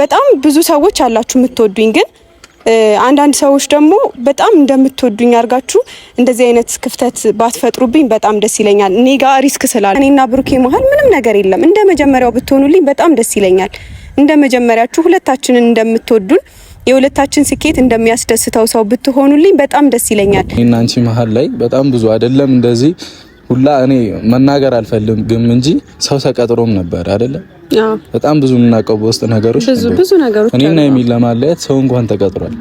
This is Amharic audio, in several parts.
በጣም ብዙ ሰዎች አላችሁ የምትወዱኝ ግን አንዳንድ ሰዎች ደግሞ በጣም እንደምትወዱኝ አድርጋችሁ እንደዚህ አይነት ክፍተት ባትፈጥሩብኝ በጣም ደስ ይለኛል። እኔ ጋር ሪስክ ስላለ እኔና ብሩኬ መሀል ምንም ነገር የለም። እንደ መጀመሪያው ብትሆኑልኝ በጣም ደስ ይለኛል። እንደ መጀመሪያችሁ ሁለታችንን እንደምትወዱን የሁለታችን ስኬት እንደሚያስደስተው ሰው ብትሆኑልኝ በጣም ደስ ይለኛል። እኔና አንቺ መሀል ላይ በጣም ብዙ አይደለም እንደዚህ ሁላ እኔ መናገር አልፈልግም እንጂ ሰው ተቀጥሮም ነበር አይደለ? በጣም ብዙ የምናውቀው በውስጥ ነገሮች ብዙ ብዙ ነገሮች እኔና የሚል ለማለያየት ሰው እንኳን ተቀጥሯል።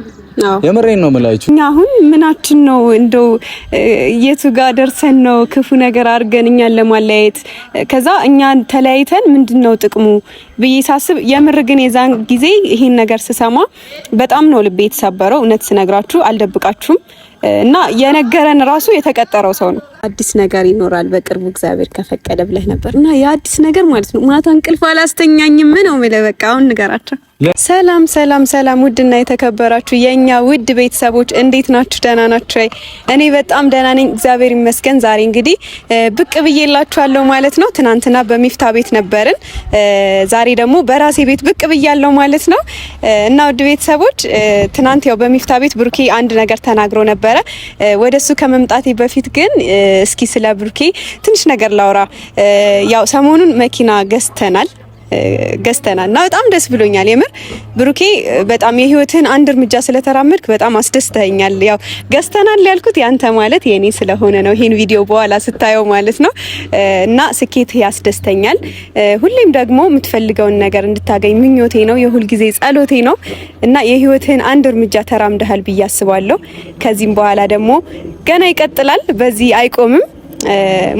የምሬን ነው የምላችሁ። እኛ አሁን ምናችን ነው እንደው የቱ ጋር ደርሰን ነው ክፉ ነገር አድርገን እኛን ለማለያየት ከዛ እኛ ተለያይተን ምንድን ነው ጥቅሙ ብዬ ሳስብ፣ የምር ግን የዛን ጊዜ ይሄን ነገር ስሰማ በጣም ነው ልቤ የተሰበረው። እውነት ስነግራችሁ አልደብቃችሁም። እና የነገረን ራሱ የተቀጠረው ሰው ነው። አዲስ ነገር ይኖራል በቅርቡ እግዚአብሔር ከፈቀደ ብለህ ነበር እና የአዲስ ነገር ማለት ነው። ማታ እንቅልፍ አላስተኛኝም ነው የምልህ። በቃ አሁን ንገራቸው። ሰላም ሰላም ሰላም ውድና የተከበራችሁ የኛ ውድ ቤተሰቦች እንዴት ናችሁ? ደህና ናችሁ? እኔ በጣም ደህና ነኝ፣ እግዚአብሔር ይመስገን። ዛሬ እንግዲህ ብቅ ብዬላችኋለሁ ማለት ነው። ትናንትና በሚፍታ ቤት ነበርን፣ ዛሬ ደግሞ በራሴ ቤት ብቅ ብያለሁ ማለት ነው። እና ውድ ቤተሰቦች ትናንት ያው በሚፍታ ቤት ብሩኬ አንድ ነገር ተናግሮ ነበረ። ወደሱ ከመምጣቴ በፊት ግን እስኪ ስለ ብሩኬ ትንሽ ነገር ላውራ። ያው ሰሞኑን መኪና ገዝተናል ገዝተናል እና በጣም ደስ ብሎኛል። የምር ብሩኬ በጣም የህይወትህን አንድ እርምጃ ስለተራመድክ በጣም አስደስተኛል። ያው ገዝተናል ያልኩት ያንተ ማለት የኔ ስለሆነ ነው። ይህን ቪዲዮ በኋላ ስታየው ማለት ነው እና ስኬት ያስደስተኛል። ሁሌም ደግሞ የምትፈልገውን ነገር እንድታገኝ ምኞቴ ነው፣ የሁልጊዜ ጸሎቴ ነው እና የህይወትህን አንድ እርምጃ ተራምደሃል ብዬ አስባለሁ። ከዚህም በኋላ ደግሞ ገና ይቀጥላል፣ በዚህ አይቆምም።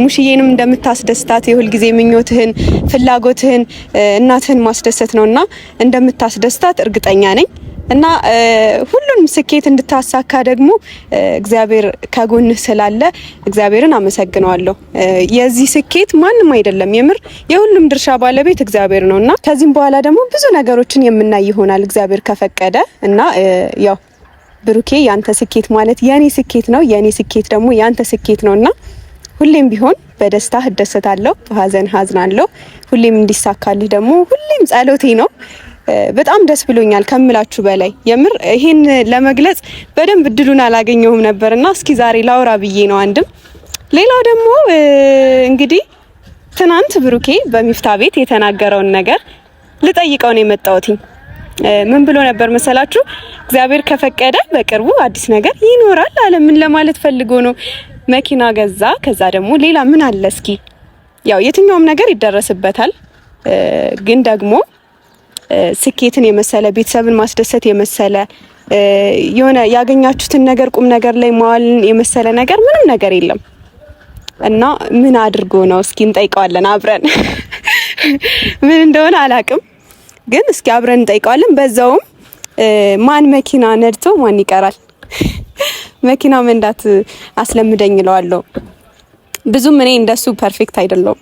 ሙሽዬንም እንደምታስደስታት የሁል ጊዜ ምኞትህን ፍላጎትህን እናትህን ማስደሰት ነውና እንደምታስደስታት እርግጠኛ ነኝ እና ሁሉንም ስኬት እንድታሳካ ደግሞ እግዚአብሔር ከጎንህ ስላለ እግዚአብሔርን አመሰግነዋለሁ። የዚህ ስኬት ማንም አይደለም፣ የምር የሁሉም ድርሻ ባለቤት እግዚአብሔር ነው እና ከዚህም በኋላ ደግሞ ብዙ ነገሮችን የምናይ ይሆናል እግዚአብሔር ከፈቀደ እና ያው ብሩኬ ያንተ ስኬት ማለት የኔ ስኬት ነው፣ የኔ ስኬት ደግሞ ያንተ ስኬት ነውና ሁሌም ቢሆን በደስታ እደሰታለሁ፣ በሀዘን ሀዝናለሁ። ሁሌም እንዲሳካልህ ደግሞ ሁሌም ጸሎቴ ነው። በጣም ደስ ብሎኛል ከምላችሁ በላይ የምር ይሄን ለመግለጽ በደንብ እድሉን አላገኘሁም ነበርና እስኪ ዛሬ ላውራ ብዬ ነው። አንድም ሌላው ደግሞ እንግዲህ ትናንት ብሩኬ በሚፍታ ቤት የተናገረውን ነገር ልጠይቀው ነው ምን ብሎ ነበር መሰላችሁ? እግዚአብሔር ከፈቀደ በቅርቡ አዲስ ነገር ይኖራል አለ። ምን ለማለት ፈልጎ ነው? መኪና ገዛ። ከዛ ደግሞ ሌላ ምን አለ እስኪ? ያው የትኛውም ነገር ይደረስበታል፣ ግን ደግሞ ስኬትን የመሰለ ቤተሰብን ማስደሰት የመሰለ የሆነ ያገኛችሁትን ነገር ቁም ነገር ላይ ማዋልን የመሰለ ነገር ምንም ነገር የለም። እና ምን አድርጎ ነው እስኪ እንጠይቀዋለን አብረን ምን እንደሆነ አላቅም። ግን እስኪ አብረን እንጠይቀዋለን። በዛውም ማን መኪና ነድቶ ማን ይቀራል መኪና መንዳት አስለምደኝ እለዋለሁ። ብዙም እኔ እንደሱ ፐርፌክት አይደለውም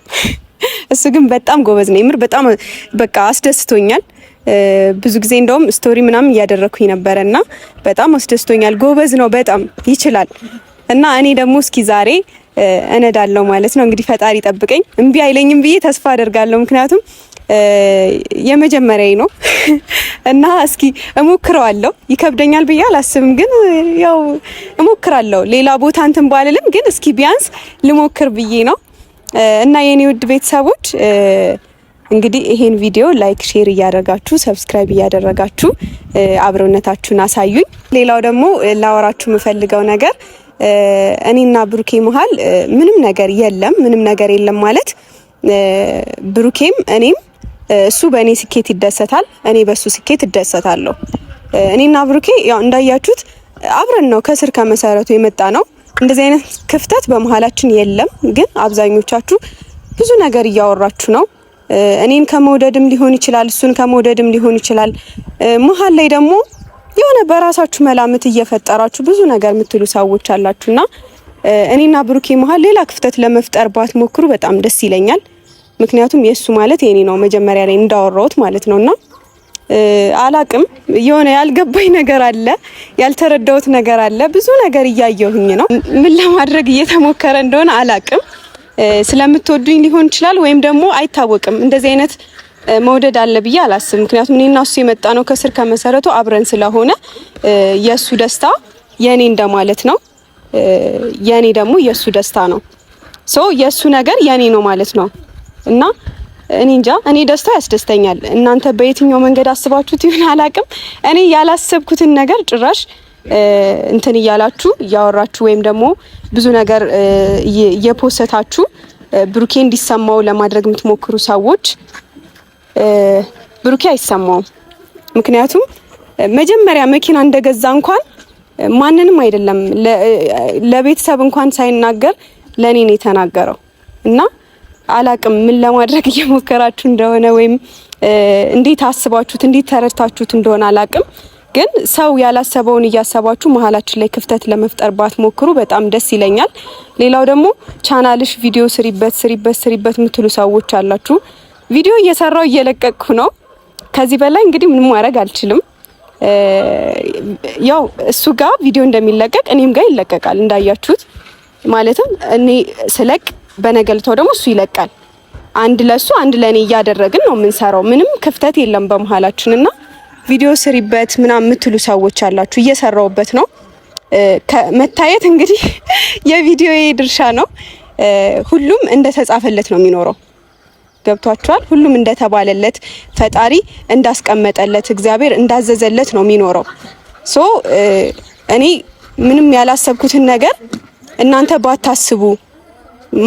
እሱ ግን በጣም ጎበዝ ነው። የምር በጣም በቃ አስደስቶኛል። ብዙ ጊዜ እንደውም ስቶሪ ምናምን እያደረኩኝ ነበረ እና በጣም አስደስቶኛል። ጎበዝ ነው፣ በጣም ይችላል። እና እኔ ደግሞ እስኪ ዛሬ እነዳለው ማለት ነው። እንግዲህ ፈጣሪ ጠብቀኝ፣ እምቢ አይለኝም ብዬ ተስፋ አደርጋለሁ ምክንያቱም የመጀመሪያ ነው እና እስኪ እሞክረዋለሁ። ይከብደኛል ብዬ አላስብም፣ ግን ያው እሞክራለሁ። ሌላ ቦታ እንትን ባልልም፣ ግን እስኪ ቢያንስ ልሞክር ብዬ ነው እና የኔ ውድ ቤተሰቦች እንግዲህ ይሄን ቪዲዮ ላይክ፣ ሼር እያደረጋችሁ ሰብስክራይብ እያደረጋችሁ አብሮነታችሁን አሳዩኝ። ሌላው ደግሞ ላወራችሁ የምፈልገው ነገር እኔና ብሩኬ መሀል ምንም ነገር የለም። ምንም ነገር የለም ማለት ብሩኬም እኔም እሱ በእኔ ስኬት ይደሰታል፣ እኔ በእሱ ስኬት እደሰታለሁ። እኔና ብሩኬ ያው እንዳያችሁት አብረን ነው ከስር ከመሰረቱ የመጣ ነው። እንደዚህ አይነት ክፍተት በመሀላችን የለም። ግን አብዛኞቻችሁ ብዙ ነገር እያወራችሁ ነው። እኔን ከመውደድም ሊሆን ይችላል፣ እሱን ከመውደድም ሊሆን ይችላል። መሀል ላይ ደግሞ የሆነ በራሳችሁ መላምት እየፈጠራችሁ ብዙ ነገር የምትሉ ሰዎች አላችሁና እኔና ብሩኬ መሀል ሌላ ክፍተት ለመፍጠር ባትሞክሩ በጣም ደስ ይለኛል። ምክንያቱም የእሱ ማለት የኔ ነው መጀመሪያ ላይ እንዳወራሁት ማለት ነውና አላቅም የሆነ ያልገባኝ ነገር አለ፣ ያልተረዳሁት ነገር አለ። ብዙ ነገር እያየሁኝ ነው። ምን ለማድረግ እየተሞከረ እንደሆነ አላቅም። ስለምትወዱኝ ሊሆን ይችላል ወይም ደግሞ አይታወቅም። እንደዚህ አይነት መውደድ አለ ብዬ አላስብ። ምክንያቱም እኔና እሱ የመጣ ነው ከስር ከመሰረቱ አብረን ስለሆነ የእሱ ደስታ የእኔ እንደማለት ነው፣ የእኔ ደግሞ የእሱ ደስታ ነው። ሶ የእሱ ነገር የእኔ ነው ማለት ነው። እና እኔ እንጃ እኔ ደስታ ያስደስተኛል። እናንተ በየትኛው መንገድ አስባችሁት ይሁን አላቅም። እኔ ያላሰብኩትን ነገር ጭራሽ እንትን እያላችሁ እያወራችሁ ወይም ደግሞ ብዙ ነገር እየፖሰታችሁ ብሩኬ እንዲሰማው ለማድረግ የምትሞክሩ ሰዎች ብሩኬ አይሰማውም። ምክንያቱም መጀመሪያ መኪና እንደገዛ እንኳን ማንንም አይደለም ለቤተሰብ እንኳን ሳይናገር ለእኔ ነው የተናገረው እና አላቅም ምን ለማድረግ እየሞከራችሁ እንደሆነ ወይም እንዴት አስባችሁት እንዴት ተረድታችሁት እንደሆነ አላቅም። ግን ሰው ያላሰበውን እያሰባችሁ መሀላችን ላይ ክፍተት ለመፍጠር ባትሞክሩ በጣም ደስ ይለኛል። ሌላው ደግሞ ቻናልሽ ቪዲዮ ስሪበት ስሪበት ስሪበት የምትሉ ሰዎች አላችሁ። ቪዲዮ እየሰራው እየለቀቅኩ ነው። ከዚህ በላይ እንግዲህ ምንም ማድረግ አልችልም። ያው እሱ ጋር ቪዲዮ እንደሚለቀቅ እኔም ጋር ይለቀቃል እንዳያችሁት። ማለትም እኔ ስለቅ በነገልተው ደግሞ እሱ ይለቃል። አንድ ለሱ አንድ ለኔ እያደረግን ነው የምንሰራው። ምንም ክፍተት የለም በመሃላችንና ቪዲዮ ስሪበት ምናምን የምትሉ ሰዎች አላችሁ። እየሰራውበት ነው። መታየት እንግዲህ የቪዲዮ ድርሻ ነው። ሁሉም እንደተጻፈለት ነው የሚኖረው። ገብቷችኋል? ሁሉም እንደተባለለት ፈጣሪ እንዳስቀመጠለት እግዚአብሔር እንዳዘዘለት ነው የሚኖረው። ሶ እኔ ምንም ያላሰብኩትን ነገር እናንተ ባታስቡ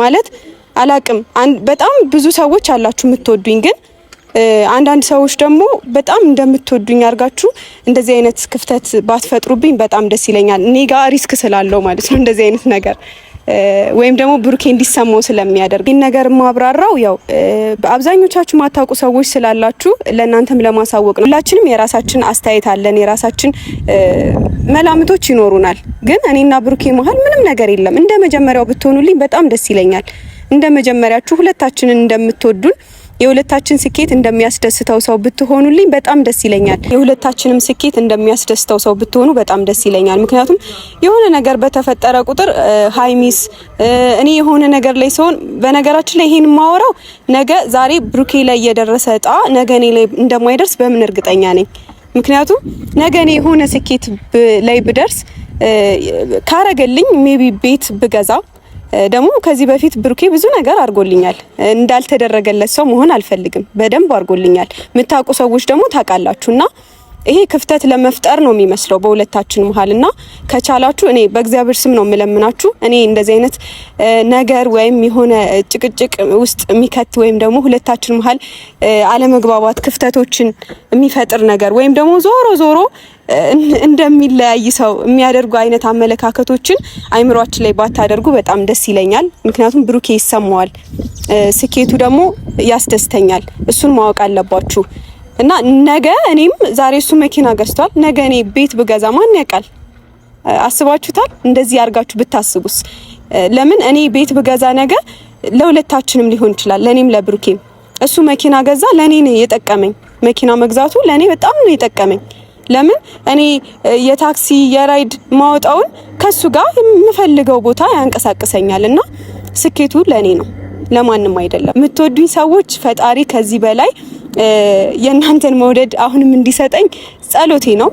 ማለት አላቅም። በጣም ብዙ ሰዎች አላችሁ የምትወዱኝ፣ ግን አንዳንድ ሰዎች ደግሞ በጣም እንደምትወዱኝ አድርጋችሁ እንደዚህ አይነት ክፍተት ባትፈጥሩብኝ በጣም ደስ ይለኛል። እኔ ጋር ሪስክ ስላለው ማለት ነው እንደዚህ አይነት ነገር ወይም ደግሞ ብሩኬ እንዲሰማው ስለሚያደርግ ይህን ነገር ማብራራው ያው በአብዛኞቻችሁ ማታውቁ ሰዎች ስላላችሁ ለእናንተም ለማሳወቅ ነው። ሁላችንም የራሳችን አስተያየት አለን፣ የራሳችን መላምቶች ይኖሩናል። ግን እኔና ብሩኬ መሀል ምንም ነገር የለም። እንደ መጀመሪያው ብትሆኑልኝ በጣም ደስ ይለኛል። እንደ መጀመሪያችሁ ሁለታችንን እንደምትወዱን የሁለታችን ስኬት እንደሚያስደስተው ሰው ብትሆኑልኝ በጣም ደስ ይለኛል። የሁለታችንም ስኬት እንደሚያስደስተው ሰው ብትሆኑ በጣም ደስ ይለኛል። ምክንያቱም የሆነ ነገር በተፈጠረ ቁጥር ሀይሚስ እኔ የሆነ ነገር ላይ ሲሆን በነገራችን ላይ ይሄን ማወራው ነገ ዛሬ ብሩኬ ላይ የደረሰ እጣ ነገ እኔ ላይ እንደማይደርስ በምን እርግጠኛ ነኝ? ምክንያቱም ነገ እኔ የሆነ ስኬት ላይ ብደርስ ካረገልኝ ሜቢ ቤት ብገዛ ደግሞ ከዚህ በፊት ብሩኬ ብዙ ነገር አድርጎልኛል። እንዳልተደረገለት ሰው መሆን አልፈልግም። በደንብ አድርጎልኛል። የምታውቁ ሰዎች ደግሞ ታውቃላችሁና ይሄ ክፍተት ለመፍጠር ነው የሚመስለው በሁለታችን መሀል እና ከቻላችሁ እኔ በእግዚአብሔር ስም ነው የምለምናችሁ። እኔ እንደዚህ አይነት ነገር ወይም የሆነ ጭቅጭቅ ውስጥ የሚከት ወይም ደግሞ ሁለታችን መሀል አለመግባባት ክፍተቶችን የሚፈጥር ነገር ወይም ደግሞ ዞሮ ዞሮ እንደሚለያይ ሰው የሚያደርጉ አይነት አመለካከቶችን አይምሯችን ላይ ባታደርጉ በጣም ደስ ይለኛል። ምክንያቱም ብሩኬ ይሰማዋል፣ ስኬቱ ደግሞ ያስደስተኛል። እሱን ማወቅ አለባችሁ። እና ነገ እኔም ዛሬ እሱ መኪና ገዝቷል። ነገ እኔ ቤት ብገዛ ማን ያውቃል? አስባችሁታል? እንደዚህ አድርጋችሁ ብታስቡስ? ለምን እኔ ቤት ብገዛ ነገ ለሁለታችንም ሊሆን ይችላል፣ ለኔም ለብሩኬም። እሱ መኪና ገዛ፣ ለኔ ነው የጠቀመኝ። መኪና መግዛቱ ለኔ በጣም ነው የጠቀመኝ። ለምን እኔ የታክሲ የራይድ ማውጣውን ከሱ ጋር የምፈልገው ቦታ ያንቀሳቅሰኛል እና ስኬቱ ለኔ ነው፣ ለማንም አይደለም። የምትወዱኝ ሰዎች ፈጣሪ ከዚህ በላይ የእናንተን መውደድ አሁንም እንዲሰጠኝ ጸሎቴ ነው።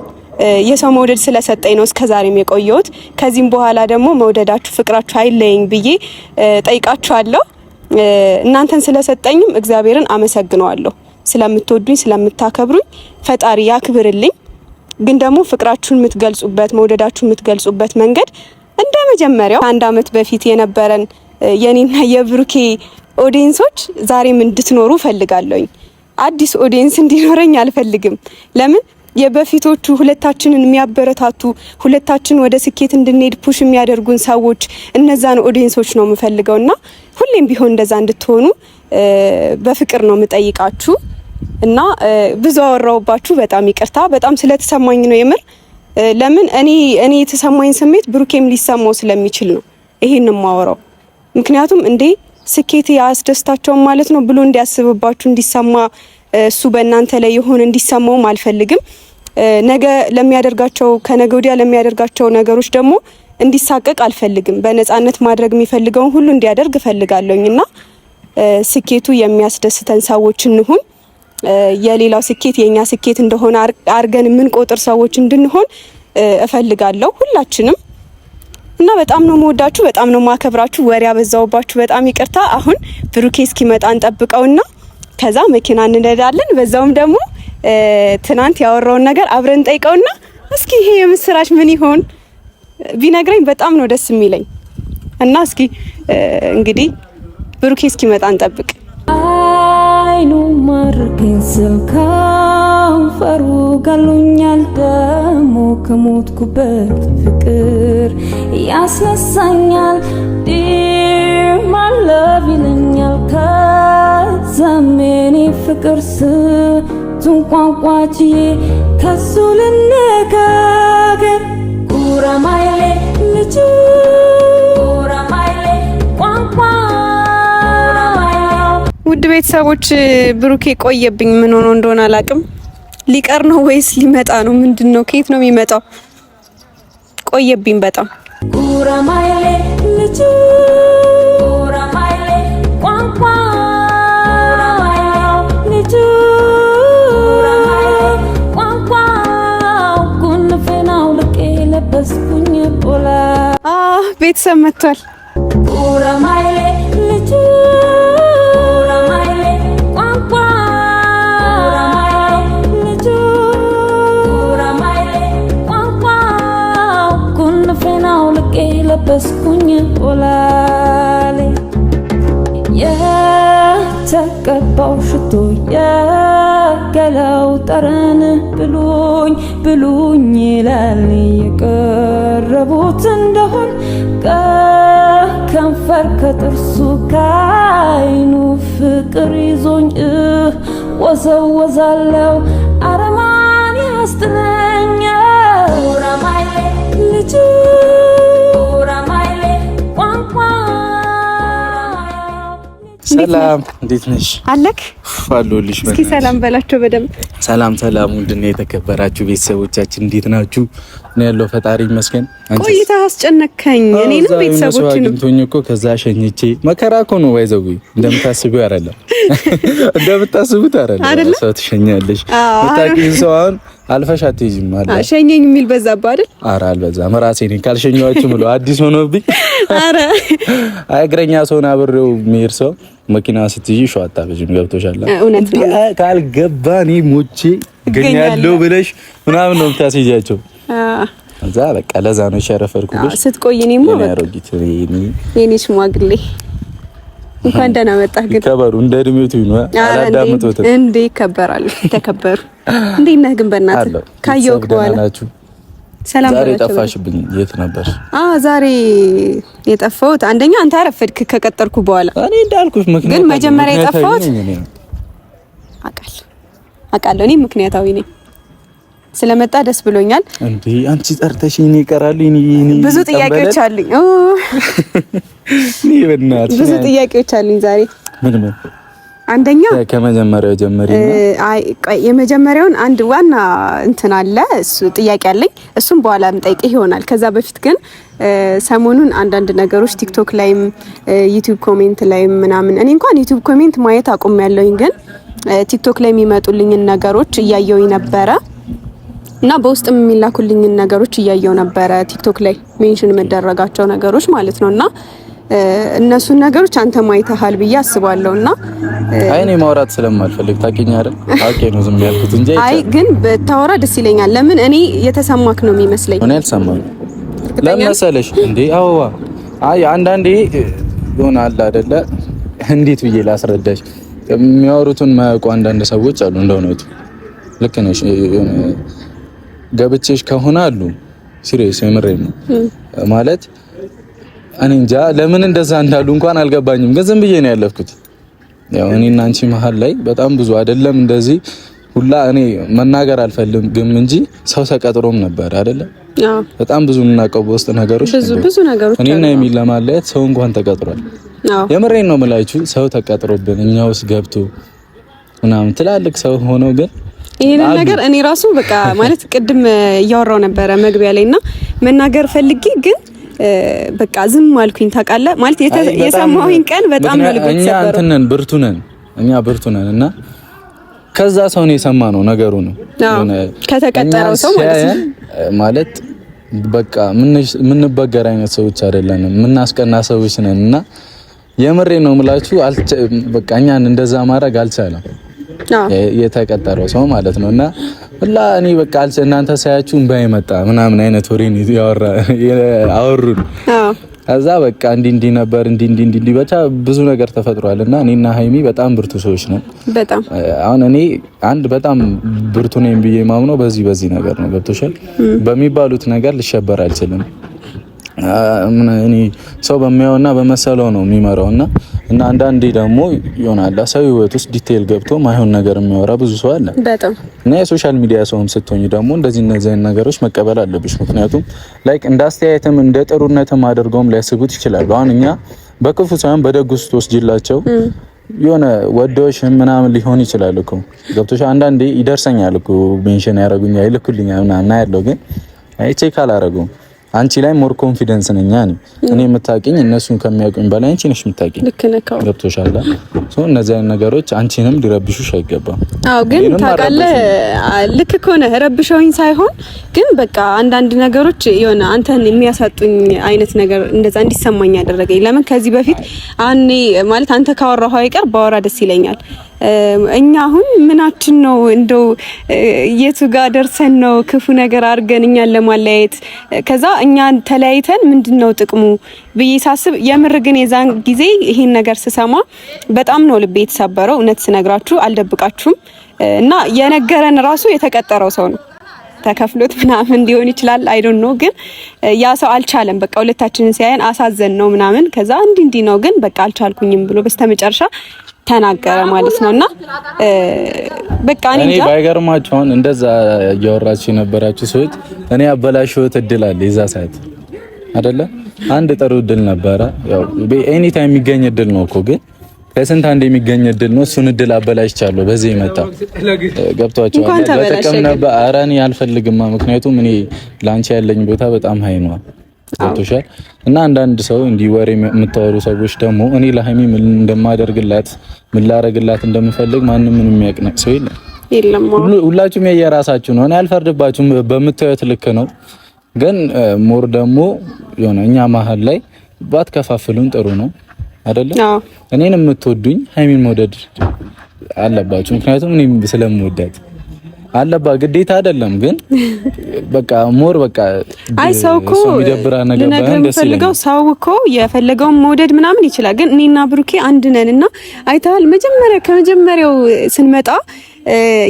የሰው መውደድ ስለሰጠኝ ነው እስከዛሬም የቆየሁት። ከዚህም በኋላ ደግሞ መውደዳችሁ፣ ፍቅራችሁ አይለየኝ ብዬ ጠይቃችኋለሁ። እናንተን ስለሰጠኝም እግዚአብሔርን አመሰግነዋለሁ። ስለምትወዱኝ፣ ስለምታከብሩኝ ፈጣሪ ያክብርልኝ። ግን ደግሞ ፍቅራችሁን የምትገልጹበት መውደዳችሁን የምትገልጹበት መንገድ እንደ መጀመሪያው ከአንድ አመት በፊት የነበረን የኔና የብሩኬ ኦዲንሶች ዛሬም እንድትኖሩ ፈልጋለሁኝ። አዲስ ኦዲየንስ እንዲኖረኝ አልፈልግም። ለምን የበፊቶቹ ሁለታችንን የሚያበረታቱ ሁለታችን ወደ ስኬት እንድንሄድ ፑሽ የሚያደርጉን ሰዎች እነዛን ኦዲየንሶች ነው የምፈልገው እና ሁሌም ቢሆን እንደዛ እንድትሆኑ በፍቅር ነው የምጠይቃችሁ እና ብዙ አወራውባችሁ፣ በጣም ይቅርታ። በጣም ስለተሰማኝ ነው የምር። ለምን እኔ እኔ የተሰማኝ ስሜት ብሩኬም ሊሰማው ስለሚችል ነው ይሄን የማወራው ምክንያቱም እንዴ ስኬት ያስደስታቸውን ማለት ነው ብሎ እንዲያስብባችሁ እንዲሰማ እሱ በእናንተ ላይ የሆን እንዲሰማውም አልፈልግም። ነገ ለሚያደርጋቸው ከነገ ወዲያ ለሚያደርጋቸው ነገሮች ደግሞ እንዲሳቀቅ አልፈልግም። በነጻነት ማድረግ የሚፈልገውን ሁሉ እንዲያደርግ እፈልጋለሁኝ እና ስኬቱ የሚያስደስተን ሰዎች እንሁን። የሌላው ስኬት የእኛ ስኬት እንደሆነ አርገን የምንቆጥር ሰዎች እንድንሆን እፈልጋለሁ ሁላችንም እና በጣም ነው መወዳችሁ፣ በጣም ነው ማከብራችሁ። ወሬ ያበዛውባችሁ በጣም ይቅርታ። አሁን ብሩኬ እስኪመጣ እንጠብቀውና ከዛ መኪና እንነዳለን። በዛውም ደግሞ ትናንት ያወራውን ነገር አብረን ጠይቀውና እስኪ ይሄ የምስራች ምን ይሆን ቢነግረኝ በጣም ነው ደስ የሚለኝ። እና እስኪ እንግዲህ ብሩኬ እስኪመጣ እንጠብቅ። በኃይሉ ማርከኝ ስል ከንፈሩ ጋሎኛል ደሞ ከሞትኩበት ፍቅር ያስነሳኛል ዲማለብ ይለኛል ከዘሜኔ ፍቅር ስቱን ቋንቋ ችዬ ከሱ ልነጋገር ጉራማይሌ ልጅ ቤተሰቦች ብሩኬ ቆየብኝ። ምን ሆኖ እንደሆነ አላቅም። ሊቀር ነው ወይስ ሊመጣ ነው? ምንድን ነው? ከየት ነው የሚመጣው? ቆየብኝ በጣም ቤተሰብ መጥቷል። ለበስኩኝ ቁላሌ የተቀባው ሽቶ የገላው ጠረን ብሉኝ ብሉኝ ይላል የቀረቡት እንደሆን ከከንፈር ከጥርሱ ካይኑ ፍቅር ይዞኝ ወዘወዛለው አረማን ያስጥለኛል ልጅ ሰላም እንዴት ነሽ? አለክ አለሁልሽ። እስኪ ሰላም በላቸው በደንብ። ሰላም ሰላም። ውድና የተከበራችሁ ቤተሰቦቻችን እንዴት ናችሁ? እኔ ያለው ፈጣሪ ይመስገን። ቆይታ አስጨነከኝ። እኔንም ቤተሰቦችን አግኝቶኝ እኮ ከዛ ሸኝቼ መከራ እኮ ነው። ባይዘው እንደምታስቢው አይደለም፣ እንደምታስቡት አይደለም። ሰው ትሸኛለሽ። ታውቂው ሰው አሁን አልፈሽ አትይዝም አለ ሸኘኝ የሚል በዛብህ አይደል? ኧረ አልበዛም። ራሴ ነኝ ካልሸኘኋችሁ ብሎ አዲስ ሆኖብኝ። ኧረ እግረኛ ሰውን አብሬው የሚሄድ ሰው መኪና ስትይዥ ሸው አታበዥም። ገብቶሻል? ካልገባ እኔ ሞቼ እገኛለሁ ብለሽ ምናምን ነው የምታስይዣቸው። እዛ በቃ ለዛ ነው የሸረፈርኩብሽ። ስትቆይ እኔማ በቃ የኔ ሽማግሌ እንኳን ደህና መጣህ። ግን ይከበሩ እንደ እድሜቱ ነው አላዳምጡት እንዴ? ይከበራሉ፣ ተከበሩ። እንዴ ነህ ግን በእናትህ ካየሁህ በኋላ ሰላም። ዛሬ ጠፋሽብኝ። የት ነበር? አዎ ዛሬ የጠፋሁት አንደኛ አንተ አረፈድክ ከቀጠርኩ በኋላ እኔ እንዳልኩሽ፣ ምክንያት ግን መጀመሪያ የጠፋሁት አውቃለሁ፣ አውቃለሁ። እኔ ምክንያታዊ ነኝ። ስለመጣ ደስ ብሎኛል። እንዴ አንቺ ጠርተሽ እኔ ይቀራሉ ብዙ ጥያቄዎች አሉኝ። ኦ ብዙ ጥያቄዎች አሉኝ ዛሬ። ምን ምን? አንደኛ ከመጀመሪያው ጀመሪ። አይ የመጀመሪያውን አንድ ዋና እንትን አለ፣ እሱ ጥያቄ አለኝ። እሱም በኋላ የምጠይቅህ ይሆናል። ከዛ በፊት ግን ሰሞኑን አንዳንድ ነገሮች ቲክቶክ ላይም ዩቲዩብ ኮሜንት ላይም ምናምን እኔ እንኳን ዩቲዩብ ኮሜንት ማየት አቁም ያለውኝ፣ ግን ቲክቶክ ላይ የሚመጡልኝን ነገሮች እያየውኝ ነበረ እና በውስጥ የሚላኩልኝን ነገሮች እያየው ነበረ ቲክቶክ ላይ ሜንሽን የምደረጋቸው ነገሮች ማለት ነው። እና እነሱን ነገሮች አንተ ማይተሃል ብዬ አስባለሁ። እና አይ እኔ ማውራት ስለማልፈልግ ታውቂኝ አይደል? አውቄ ነው ዝም ያልኩት እንጂ አይ ግን ብታወራ ደስ ይለኛል። ለምን እኔ የተሰማክ ነው የሚመስለኝ። እኔ አልሰማኝ ለመሰለሽ እንዴ? አዋ አይ አንዳንዴ አለ አይደለ? እንዴት ብዬ ላስረዳሽ? የሚያወሩትን ማያውቁ አንዳንድ ሰዎች አሉ እንደው ነው ልክ ነሽ ገብቼሽ ከሆነ አሉ ሲሪየስ የምሬ ነው ማለት እኔ እንጃ ለምን እንደዛ እንዳሉ እንኳን አልገባኝም። ግን ዝም ብዬ ነው ያለፍኩት። ያው እኔና አንቺ መሀል ላይ በጣም ብዙ አይደለም እንደዚህ ሁላ እኔ መናገር አልፈልግም እንጂ ሰው ተቀጥሮም ነበር አይደለም። በጣም ብዙ የምናውቀው በውስጥ ነገሮች ብዙ ነገሮች እኔና የሚል ለማለያየት ሰው እንኳን ተቀጥሯል። የምሬን ነው የምላችሁ ሰው ተቀጥሮብን እኛ ውስጥ ገብቶ ምናምን ትላልቅ ሰው ሆነው ግን ይህንን ነገር እኔ ራሱ በቃ ማለት ቅድም እያወራው ነበረ መግቢያ ላይ እና መናገር ፈልጌ ግን በቃ ዝም አልኩኝ። ታውቃለህ ማለት የሰማሁኝ ቀን በጣም ነው ልብ እኛ እንትን ነን ብርቱ ነን እኛ ብርቱ ነን እና ከዛ ሰው ነው የሰማ ነው ነገሩ ነው ከተቀጠረው ሰው ማለት ነው ማለት በቃ የምንበገር አይነት ሰዎች አይደለንም፣ የምናስቀና ሰዎች ነን እና የምሬ ነው የምላችሁ በቃ እኛን እንደዛ ማድረግ አልቻለም። የተቀጠረው ሰው ማለት ነው። እና ሁላ እኔ በቃ እናንተ ሳያችሁ እንባይ መጣ ምናምን አይነት ወሬን አወሩን። ከዛ በቃ እንዲ እንዲ ነበር እንዲ እንዲ እንዲ ብቻ ብዙ ነገር ተፈጥሯል። እና እኔና ሀይሚ በጣም ብርቱ ሰዎች ነን። አሁን እኔ አንድ በጣም ብርቱ ነኝ ብዬ ማምነው በዚህ በዚህ ነገር ነው። ገብቶሻል? በሚባሉት ነገር ልሸበር አልችልም። እኔ ሰው በሚያየውና በመሰለው ነው የሚመራው እና እና አንዳንዴ ደግሞ ይሆናል ሰው ህይወት ውስጥ ዲቴይል ገብቶ ማይሆን ነገር የሚያወራ ብዙ ሰው አለ በጣም እና የሶሻል ሚዲያ ሰውም ስትሆኝ ደግሞ እንደዚህ እነዚህ ነገሮች መቀበል አለብሽ። ምክንያቱም ላይክ እንደ አስተያየትም እንደ ጥሩነትም አድርገውም ሊያስቡት ይችላሉ። አሁን እኛ በክፉ ሳይሆን በደግ ውስጥ ወስጅላቸው የሆነ ወዶሽ ምናምን ሊሆን ይችላል እኮ ገብቶሽ። አንዳንዴ ይደርሰኛል እኮ ሜንሽን ያደርጉኛል ይልኩልኛል ምናምን እና ያለው ግን ቼክ አላረጉም አንቺ ላይ ሞር ኮንፊደንስ ነኝ። እኔ የምታውቂኝ እነሱን ከሚያውቁኝ በላይ አንቺ ነሽ የምታውቂኝ። ልክ ነህ። ገብቶሻል። እነዚህ ነገሮች አንቺንም ሊረብሹሽ አይገባም። አዎ፣ ግን ታውቃለህ፣ ልክ ከሆነ ረብሸውኝ ሳይሆን ግን በቃ አንዳንድ ነገሮች የሆነ አንተን የሚያሳጡኝ አይነት ነገር እንደዛ እንዲሰማኝ ያደረገኝ ለምን ከዚህ በፊት አኔ ማለት አንተ ካወራሁ አይቀር ባወራ ደስ ይለኛል እኛ አሁን ምናችን ነው እንደው የቱ ጋር ደርሰን ነው ክፉ ነገር አድርገን እኛን ለማለያየት ከዛ እኛን ተለያይተን ምንድነው ጥቅሙ ብዬ ሳስብ፣ የምር ግን የዛን ጊዜ ይሄን ነገር ስሰማ በጣም ነው ልቤ የተሰበረው። እውነት ስነግራችሁ አልደብቃችሁም። እና የነገረን ራሱ የተቀጠረው ሰው ነው ተከፍሎት ምናምን ሊሆን ይችላል። አይ ዶንት ኖ ግን ያ ሰው አልቻለም። በቃ ሁለታችንን ሲያየን አሳዘን ነው ምናምን። ከዛ እንዲ እንዲ ነው ግን በቃ አልቻልኩኝም ብሎ በስተመጨረሻ ተናገረ ማለት ነው። እና በቃ እኔ ባይገርማችሁ አሁን እንደዛ እያወራችሁ የነበራችሁ ሰዎች እኔ አበላሽሁት እድል አለ የዛ ሰዓት አይደለ አንድ ጥሩ እድል ነበረ። ያው ኤኒ ታይም የሚገኝ እድል ነው እኮ ግን ከስንት አንድ የሚገኝ እድል ነው። እሱን እድል አበላሽቻለሁ። በዚህ ይመጣ ገብቷቸዋል። በጥቅም ነበር። ኧረ እኔ አልፈልግማ። ምክንያቱም እኔ ላንቺ ያለኝ ቦታ በጣም ሀይ ነዋል ገብቶሻል። እና አንዳንድ ሰው እንዲህ ወሬ የምታወሩ ሰዎች ደግሞ እኔ ለሀይሚ ምን እንደማደርግላት ምን ላደርግላት እንደምፈልግ ማንም ምን የሚያቅነቅ ሰው የለም። ሁላችሁም የየራሳችሁ ነው። እኔ አልፈርድባችሁም። በምታዩት ልክ ነው። ግን ሞር ደግሞ የሆነ እኛ መሀል ላይ ባትከፋፍሉን ጥሩ ነው አይደለም። እኔን የምትወዱኝ ሀይሚን መውደድ አለባችሁ። ምክንያቱም እኔ ስለምወዳት አለባ ግዴታ አይደለም ግን በቃ ሞር በቃ አይ ሰው እኮ ልነግርህ የምፈልገው ሰው እኮ የፈለገውን መውደድ ምናምን ይችላል። ግን እኔና ብሩኬ አንድ ነን እና አይተሃል፣ መጀመሪያ ከመጀመሪያው ስንመጣ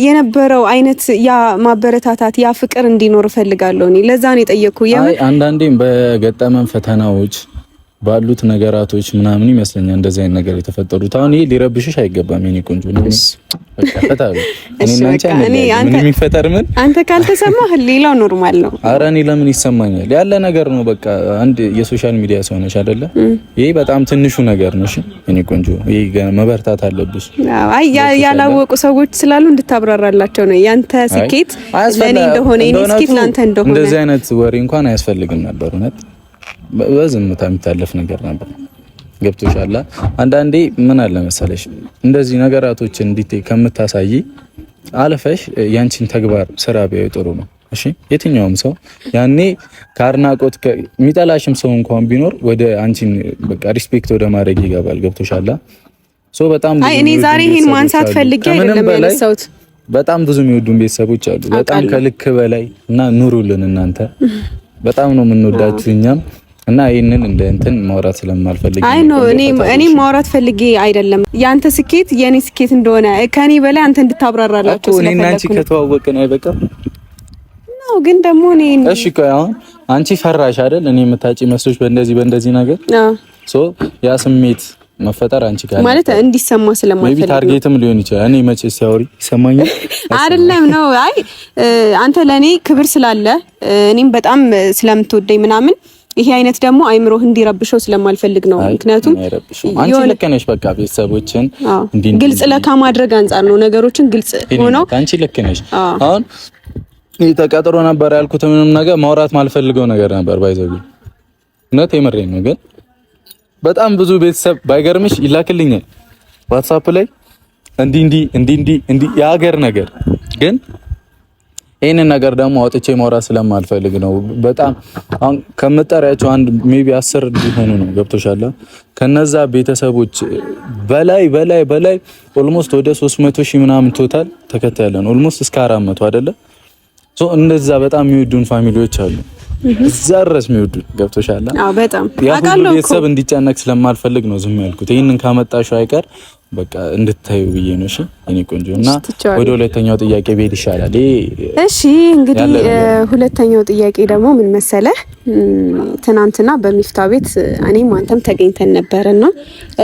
የነበረው አይነት ያ ማበረታታት ያ ፍቅር እንዲኖር እፈልጋለሁ። እኔ ለዛ ነው የጠየቅኩ። አንዳንዴም በገጠመን ፈተናዎች ባሉት ነገራቶች ምናምን ይመስለኛል እንደዚህ አይነት ነገር የተፈጠሩት። አሁን ይሄ ሊረብሽሽ አይገባም የኔ ቆንጆ። ምን አንተ ካልተሰማህ ሌላው ኖርማል ነው። ኧረ እኔ ለምን ይሰማኛል? ያለ ነገር ነው በቃ። አንድ የሶሻል ሚዲያ ሰው ነሽ አይደለ? ይሄ በጣም ትንሹ ነገር ነው። እሺ የኔ ቆንጆ፣ ይሄ መበርታት አለብሽ። አይ ያላወቁ ሰዎች ስላሉ እንድታብራራላቸው ነው። ያንተ ስኬት ለኔ እንደሆነ የኔ ስኬት ለአንተ እንደሆነ እንደዚህ አይነት ወሬ እንኳን አያስፈልግም ነበር እውነት በዝምታ የሚታለፍ ነገር ነበር። ገብቶሻል። አንዳንዴ ምን አለ መሰለሽ እንደዚህ ነገራቶችን እንዲቴ ከምታሳይ አልፈሽ ያንቺን ተግባር ስራ ቢያዩ ጥሩ ነው። እሺ የትኛውም ሰው ያኔ ከአድናቆት የሚጠላሽም ሰው እንኳን ቢኖር ወደ አንቺን በቃ ሪስፔክት ወደ ማድረግ ይገባል። ገብቶሻል። ሶ በጣም አይ እኔ ዛሬ ይሄን ማንሳት ፈልጌ አይደለም ያነሳሁት። በጣም ብዙ የሚወዱን ቤተሰቦች አሉ፣ በጣም ከልክ በላይ እና ኑሩልን እናንተ በጣም ነው የምንወዳችሁ እኛም እና ይህንን እንደ እንትን ማውራት ስለማልፈልግ አይ ነው እኔ ማውራት ፈልጌ አይደለም። ያንተ ስኬት የእኔ ስኬት እንደሆነ ከኔ በላይ አንተ እንድታብራራላችሁ እኮ እኔና አንቺ ከተዋወቅን አይበቃም ነው። ግን ደግሞ እኔ እሺ፣ ቆይ አሁን አንቺ ፈራሽ አይደል? እኔ የምታጪ መስሎሽ በእንደዚህ በእንደዚህ ነገር ሶ ያ ስሜት መፈጠር አንቺ ጋር ማለት እንዲሰማ ስለማልፈልግ ሜቢ ታርጌትም ሊሆን ይችላል። እኔ መቼ ሲያወሪ ይሰማኛል አይደለም ነው። አይ አንተ ለኔ ክብር ስላለ እኔም በጣም ስለምትወደኝ ምናምን ይሄ አይነት ደግሞ አይምሮህ እንዲረብሸው ስለማልፈልግ ነው። ምክንያቱም አንቺ ልክ ነሽ፣ በቃ ቤተሰቦችን ግልጽ ከማድረግ አንጻር ነው ነገሮችን ግልጽ ሆኖ አንቺ ልክ ነሽ። አሁን ይሄ ተቀጥሮ ነበር ያልኩት ምንም ነገር ማውራት ማልፈልገው ነገር ነበር ባይዘው እውነት የምሬን ነው። ግን በጣም ብዙ ቤተሰብ ባይገርምሽ ይላክልኛል ዋትሳፕ ላይ እንዲህ እንዲህ እንዲህ እንዲህ የሀገር ነገር ግን ይህንን ነገር ደግሞ አውጥቼ ማውራት ስለማልፈልግ ነው። በጣም አሁን ከምጠሪያቸው አንድ ሜቢ አስር ሊሆኑ ነው። ገብቶሻል። ከነዛ ቤተሰቦች በላይ በላይ በላይ ኦልሞስት ወደ 300 ሺህ ምናምን ቶታል ተከታያለን። ኦልሞስት እስከ 400 አይደለ? ሶ እንደዛ በጣም የሚወዱን ፋሚሊዎች አሉ። እዛ ድረስ የሚወዱን ገብቶሻል። አዎ፣ በጣም ቤተሰብ እንዲጨነቅ ስለማልፈልግ ነው ዝም ያልኩት። ይህንን ካመጣሽው አይቀር በቃ እንድታዩ ብዬ ነው። እሺ እኔ ቆንጆ እና ወደ ሁለተኛው ጥያቄ ብሄድ ይሻላል። እሺ እንግዲህ ሁለተኛው ጥያቄ ደግሞ ምን መሰለህ፣ ትናንትና በሚፍታ ቤት እኔም አንተም ተገኝተን ነበር ነበርና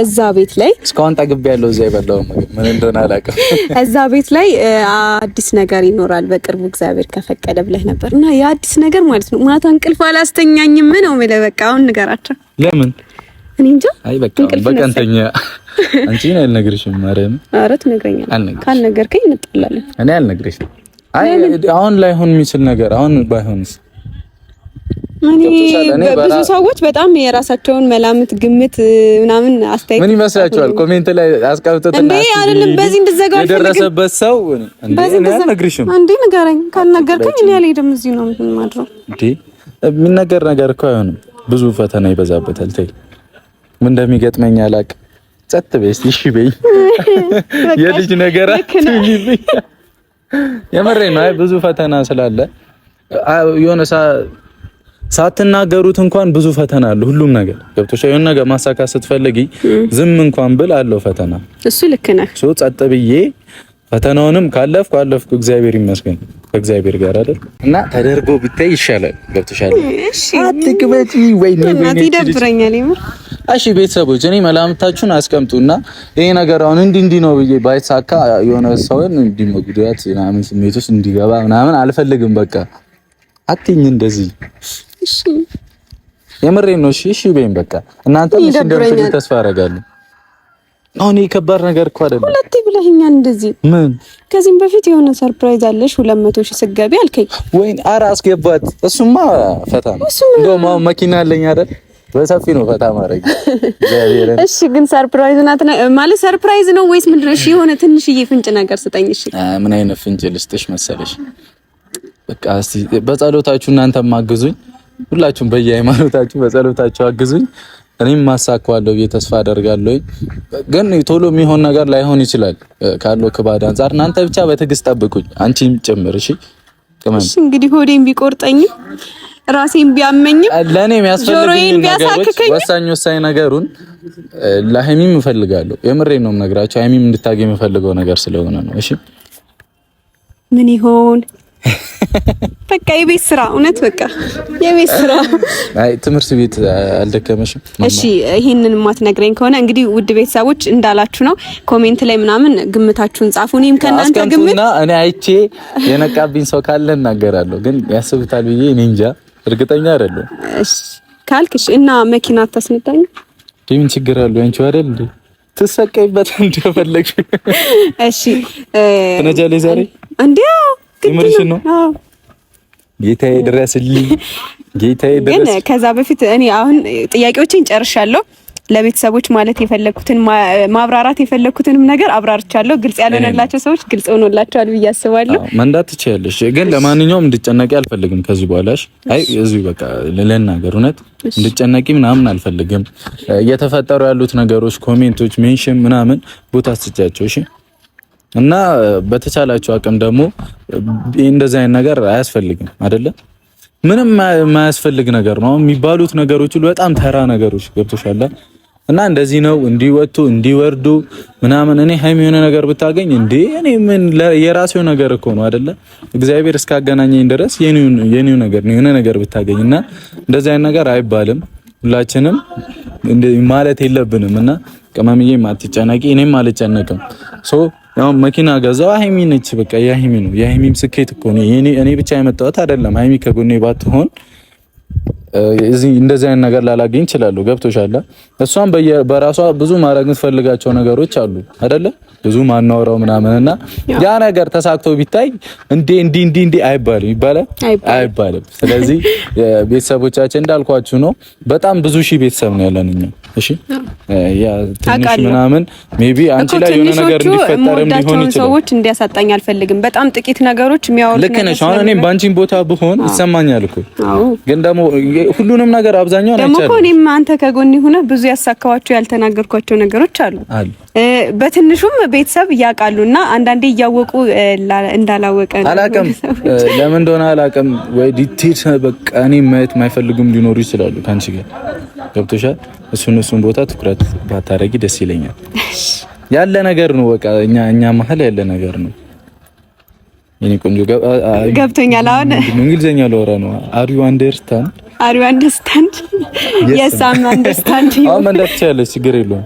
እዛ ቤት ላይ እስካሁን ጠግብ ያለው እዛ የበላው ምን እንደሆነ አላውቅም። እዛ ቤት ላይ አዲስ ነገር ይኖራል በቅርቡ እግዚአብሔር ከፈቀደ ብለህ ነበር እና የአዲስ ነገር ማለት ነው። ማታ እንቅልፍ አላስተኛኝም ነው የምልህ። በቃ አሁን ንገራቸው። ለምን እኔ እንጃ። አይ በቃ በቀንተኛ አንቺ ግን አልነግርሽም። ማርያም ኧረ ትነግረኛለህ። ካልነገርከኝ እንጣላለን። እኔ አልነግርሽም። አይ አሁን ላይ ላይሆን የሚችል ነገር አሁን ባይሆንስ ብዙ ሰዎች በጣም የራሳቸውን መላምት፣ ግምት ምናምን አስተያየት ምን ይመስላችኋል? ኮሜንት ላይ አስቀምጡት። እንዴ አይደለም በዚህ እንድዘጋው የደረሰበት ሰው በዚህ እንድዘጋው እንዴ ንገረኝ። ካልነገርከኝ እኔ አልሄድም። እዚህ ነው የማድረው። እንዴ የሚነገር ነገር እኮ አይሆንም። ብዙ ፈተና ይበዛበታል። ተይ ምን እንደሚገጥመኝ አላውቅም። ጸጥ በይ እስኪ እሺ በይ። የልጅ ነገር የመረኝ ነው። ብዙ ፈተና ስላለ የሆነ ሳትናገሩት እንኳን ብዙ ፈተና አለ። ሁሉም ነገር ገብቶሻል። የሆነ ነገር ማሳካት ስትፈልጊ ዝም እንኳን ብል አለው ፈተና። እሱ ልክ ነህ። ጸጥ ብዬ ፈተናውንም ካለፍኩ አለፍኩ፣ እግዚአብሔር ይመስገን። ከእግዚአብሔር ጋር አይደል እና ተደርጎ ብታይ ይሻላል። ገብቶሻል። አትግበጂ ወይ ነው ይደብረኛል። እሺ ቤተሰቦች፣ እኔ መላምታችሁን አስቀምጡና ይሄ ነገር አሁን እንዲህ እንዲህ ነው ብዬ ባይሳካ የሆነ ሰውን እንዲህ መጉዳት ምናምን ስሜት ውስጥ እንዲገባ ምናምን አልፈልግም። በቃ አትኝ እንደዚህ እሺ፣ የምሬን ነው። እሺ፣ እሺ በይም በቃ እናንተም እንደምትሉ ተስፋ አደርጋለሁ። አሁን የከባድ ነገር እኮ አይደለም። ሁለቴ ብለህኛል እንደዚህ ምን? ከዚህም በፊት የሆነ ሰርፕራይዝ አለሽ ሁለት መቶ ሺህ ስትገቢ አልከኝ። ወይን ኧረ አስገባት። እሱማ ፈታ ነው። እንደውም አሁን መኪና አለኝ አይደል? በሰፊ ነው ፈታ ማድረግ። እሺ፣ ግን ሰርፕራይዝ ናት ማለት ሰርፕራይዝ ነው ወይስ ምንድን ነው? እሺ፣ የሆነ ትንሽዬ ፍንጭ ነገር ስጠኝ። እሺ፣ ምን አይነት ፍንጭ ልስጥሽ መሰለሽ? በቃ እስቲ በጸሎታችሁ እናንተም አግዙኝ። ሁላችሁም በየሃይማኖታችሁ በጸሎታችሁ አግዙኝ። እኔም ማሳካዋለሁ ብዬ ተስፋ አደርጋለሁ። ግን ቶሎ የሚሆን ነገር ላይሆን ይችላል ካለው ክባድ አንጻር እናንተ ብቻ በትዕግስት ጠብቁኝ፣ አንቺም ጭምር እሺ። እንግዲህ ሆዴን ቢቆርጠኝም ራሴን ቢያመኝም ለኔ የሚያስፈልገኝ ነገር ወሳኝ ወሳኝ ነገሩን ለሀይሚም እፈልጋለሁ። የምሬን ነው የምነግራቸው፣ ሀይሚም እንድታገኝ የምፈልገው ነገር ስለሆነ ነው። እሺ ምን ይሆን በቃ የቤት ስራ እውነት በቃ የቤት ስራ። አይ ትምህርት ቤት አልደከመሽም? እሺ ይህንን ማትነግረኝ ከሆነ እንግዲህ ውድ ቤተሰቦች እንዳላችሁ ነው። ኮሜንት ላይ ምናምን ግምታችሁን ጻፉ። እኔም ከእናንተ ግምት እኔ አይቼ የነቃብኝ ሰው ካለ እናገራለሁ። ግን ያስብታል ብዬ እኔ እንጃ እርግጠኛ አይደለሁ። እሺ እና መኪና አታስነዳኝ ምን ችግር አለው? አንቺ አይደል ትሰቀይበት እንደፈለግሽ። እሺ ትነጃለሽ ዛሬ እንዴ? የምርሽን ነው? ጌታዬ ድረስልኝ፣ ጌታዬ ድረስ። ግን ከዛ በፊት እኔ አሁን ጥያቄዎችን ጨርሻለሁ። ለቤተሰቦች ማለት የፈለኩትን ማብራራት የፈለኩትንም ነገር አብራርቻለሁ። ግልጽ ያልሆነላቸው ሰዎች ግልጽ ሆኖላቸዋል ብዬ አስባለሁ። መንዳት ትችያለሽ፣ ግን ለማንኛውም እንድጨነቂ አልፈልግም። ከዚህ በኋላሽ አይ እዚህ በቃ ልናገር፣ እውነት እንድጨነቂ ምናምን አልፈልግም። እየተፈጠሩ ያሉት ነገሮች፣ ኮሜንቶች፣ ሜንሽን ምናምን ቦታ አስጫቸው። እሺ እና በተቻላችሁ አቅም ደግሞ እንደዚህ አይነት ነገር አያስፈልግም አይደለ? ምንም የማያስፈልግ ነገር ነው የሚባሉት ነገሮች ሁሉ በጣም ተራ ነገሮች ገብቶሻል። እና እንደዚህ ነው እንዲወጡ እንዲወርዱ ምናምን። እኔ ሀይም የሆነ ነገር ብታገኝ እንዴ እኔ ምን የራሴው ነገር እኮ ነው አይደለ? እግዚአብሔር እስካገናኘኝ ድረስ የኔው ነገር ነው የሆነ ነገር ብታገኝ እና እንደዚህ አይነት ነገር አይባልም። ሁላችንም ማለት የለብንም እና ቅመምዬ አትጨነቂ፣ እኔም አልጨነቅም። ያው መኪና ገዛው ሀይሚ ነች። በቃ የሀይሚ ነው የሀይሚም ስኬት እኮ ነው። እኔ ብቻ የመጣሁት አይደለም። ሀይሚ ከጎኔ ባትሆን እዚህ እንደዚህ አይነት ነገር ላላገኝ እችላለሁ። ገብቶሻል። እሷም በራሷ ብዙ ማድረግ የምትፈልጋቸው ነገሮች አሉ አይደለ? ብዙ ማናወራው ምናምን እና ያ ነገር ተሳክቶ ቢታይ እንዴ እንዲ እንዲ እንዲ አይባልም ይባላል አይባልም። ስለዚህ ቤተሰቦቻችን እንዳልኳችሁ ነው። በጣም ብዙ ሺህ ቤተሰብ ነው ያለን እኛ እሺ ያ ትንሽ ምናምን ሜቢ አንቺ ላይ የሆነ ነገር እንዲፈጠርም ሊሆን ይችላል። ሰዎች እንዲያሳጣኝ አልፈልግም። በጣም ጥቂት ነገሮች የሚያወሩ ልክ ነሽ። አሁን እኔም በአንቺን ቦታ ብሆን ይሰማኛል እኮ ግን ደግሞ ሁሉንም ነገር አብዛኛው ነው ደግሞ እኔም አንተ ከጎን ሆነ ብዙ ያሳካዋቸው ያልተናገርኳቸው ነገሮች አሉ አሉ በትንሹም ቤተሰብ እያውቃሉና አንዳንዴ እያወቁ እንዳላወቀ አላውቅም፣ ለምን እንደሆነ አላውቅም። ወይ ዲቴል በቃ እኔ ማየት የማይፈልጉም ሊኖሩ ይችላሉ ከአንቺ ጋር ገብቶሻል። እሱን እሱን ቦታ ትኩረት ባታረጊ ደስ ይለኛል። ያለ ነገር ነው በቃ እኛ እኛ መሀል ያለ ነገር ነው። የኔ ቆንጆ ገብቶኛል። አሁን እንግሊዘኛ ላወራ ነው። አር ዩ አንደርስታንድ፣ አር ዩ አንደርስታንድ፣ የስ አም አንደርስታንድ። አሁን መንዳት ትችላለች፣ ችግር የለውም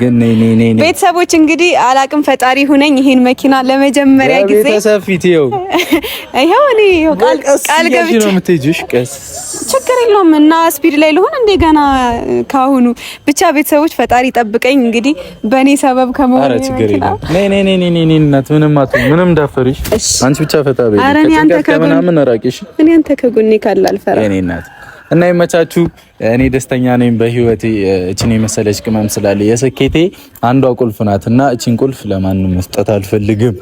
ግን ቤተሰቦች እንግዲህ አላቅም ፈጣሪ ሁነኝ ይሄን መኪና ለመጀመሪያ ጊዜ ቤተሰብ ፊት ይኸው ቃል ገብቼ ነው ችግር የለውም እና ስፒድ ላይ ልሆን እንደ ገና ካሁኑ ብቻ ቤተሰቦች ፈጣሪ ጠብቀኝ። እንግዲህ በእኔ ሰበብ ከመሆኑ ምንም ምንም እንዳፈሪሽ አንቺ ብቻ ፈታ በይ። ኧረ እኔ አንተ ከጎኔ ካለ እና ይመቻችሁ። እኔ ደስተኛ ነኝ በህይወቴ። እችን የመሰለች ቅመም ስላለ የስኬቴ አንዷ ቁልፍ ናት እና እችን ቁልፍ ለማንም መስጠት አልፈልግም።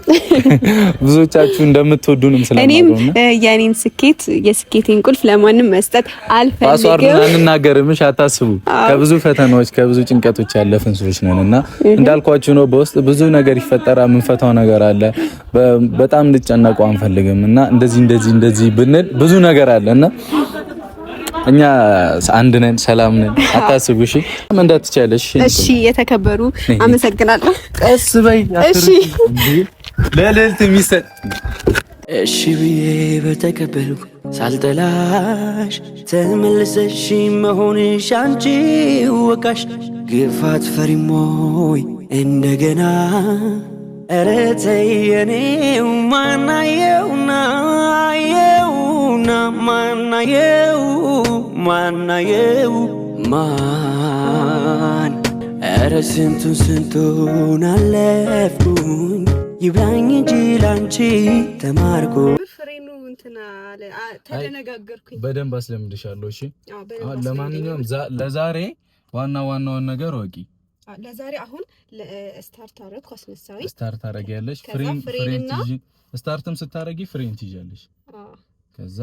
ብዙዎቻችሁ እንደምትወዱንም ስለማለሆነ የኔን ስኬት የስኬቴን ቁልፍ ለማንም መስጠት አልፈልግም። ፓስዋርዱን አንናገርም። እሺ፣ አታስቡ። ከብዙ ፈተናዎች ከብዙ ጭንቀቶች ያለፍን ሰዎች ነን እና እንዳልኳችሁ ነው። በውስጥ ብዙ ነገር ይፈጠራል። የምንፈታው ነገር አለ። በጣም ልጨነቁ አንፈልግም እና እንደዚህ እንደዚህ እንደዚህ ብንል ብዙ ነገር አለ እና እኛ አንድ ነን፣ ሰላም ነን፣ አታስቡ። እሺ መንዳት ትችያለሽ። እሺ የተከበሩ አመሰግናለሁ። ቀስ በይ። እሺ ለልዕልት የሚሰጥ እሺ ብዬ በተቀበልኩ ሳልጠላሽ ተመልሰሽ መሆንሽ አንቺ ወቃሽ ግፋት ፈሪሞይ እንደገና ኧረ ተይ የኔው ማናየውና የውና ማናየው ማናየው ማን እረ ስንቱን ስንቱን አለፍኩኝ ይብላኝ እንጂ ላንቺ ተማርኩ በደንብ አስለምድሻለሁ። እሺ ለማንኛውም ለዛሬ ዋና ዋናውን ነገር ወቂ ለዛሬ አሁን ስታርት አደረግኩ አስነሳዊ ስታርት አደረጊያለሽ። ፍሬም ስታርትም ስታረጊ ፍሬን ትይዣለሽ። ከዛ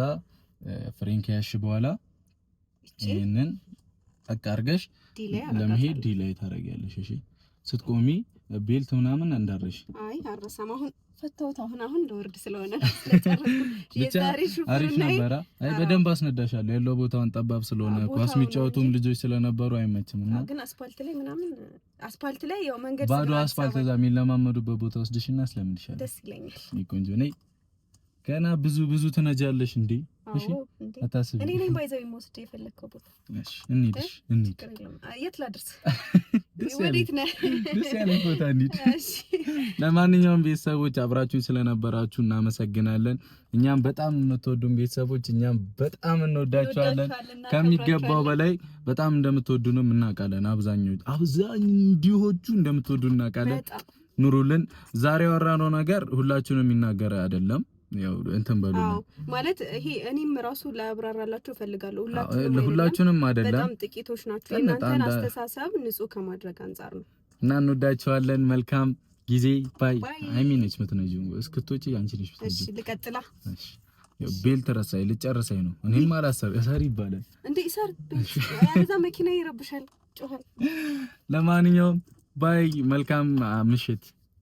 ፍሬን ከያሽ በኋላ ይህንን ጠቅ አድርገሽ ለመሄድ ዲላይ ታደርጊያለሽ። እሺ ስትቆሚ ቤልት ምናምን እንዳረሽ። አይ አረሳም። አሁን ፈተውት አሁን አሁን ለወርድ ስለሆነ አሪፍ ነበረ። አይ በደንብ አስነዳሻለሁ። ያለው ቦታውን ጠባብ ስለሆነ ኳስ የሚጫወቱም ልጆች ስለነበሩ አይመችም እና ግን አስፋልት ላይ ምናምን አስፋልት ላይ ያው መንገድ ባዶ አስፋልት እዛ የሚለማመዱበት ቦታ ወስድሽና ስለምንሻለሁ። ደስ ይለኛል። ቆንጆ ነይ ገና ብዙ ብዙ ትነጃለሽ እንዴ? እሺ አታስቢ። እኔ ነኝ ባይዘው የምወስድ የፈለግከው ቦታ። እሺ እንሂድ፣ እንሂድ። የት ላድርስ? ወዴት ነህ? ደስ ያለኝ ቦታ እንሂድ። እሺ። ለማንኛውም ቤተሰቦች አብራችሁ ስለነበራችሁ እናመሰግናለን። እኛም በጣም የምትወዱን ቤተሰቦች እኛም በጣም እንወዳችኋለን። ከሚገባው በላይ በጣም እንደምትወዱንም እናውቃለን። አብዛኞቹ አብዛኞቹ እንደምትወዱን እናውቃለን። ኑሩልን። ዛሬ ያወራነው ነገር ሁላችሁንም የሚናገር አይደለም። ያው እንትን በሉ ማለት ይሄ እኔም ራሱ ላብራራላችሁ እፈልጋለሁ። ሁላችሁንም አይደለም፣ በጣም ጥቂቶች ናቸው። የእናንተን አስተሳሰብ ንጹህ ከማድረግ አንጻር ነው እና እንወዳቸዋለን። መልካም ጊዜ ባይ። ሀይሚ ነች የምትነጂው፣ እስክትወጪ አንቺ ነች እሺ ልቀጥላ። እሺ ቤል ተረሳይ ልጨርሰኝ ነው። እኔም አላሰብ እሰር ይባላል እንዴ እሰር ያዛ መኪና ይረብሻል፣ ጮኸ። ለማንኛውም ባይ፣ መልካም ምሽት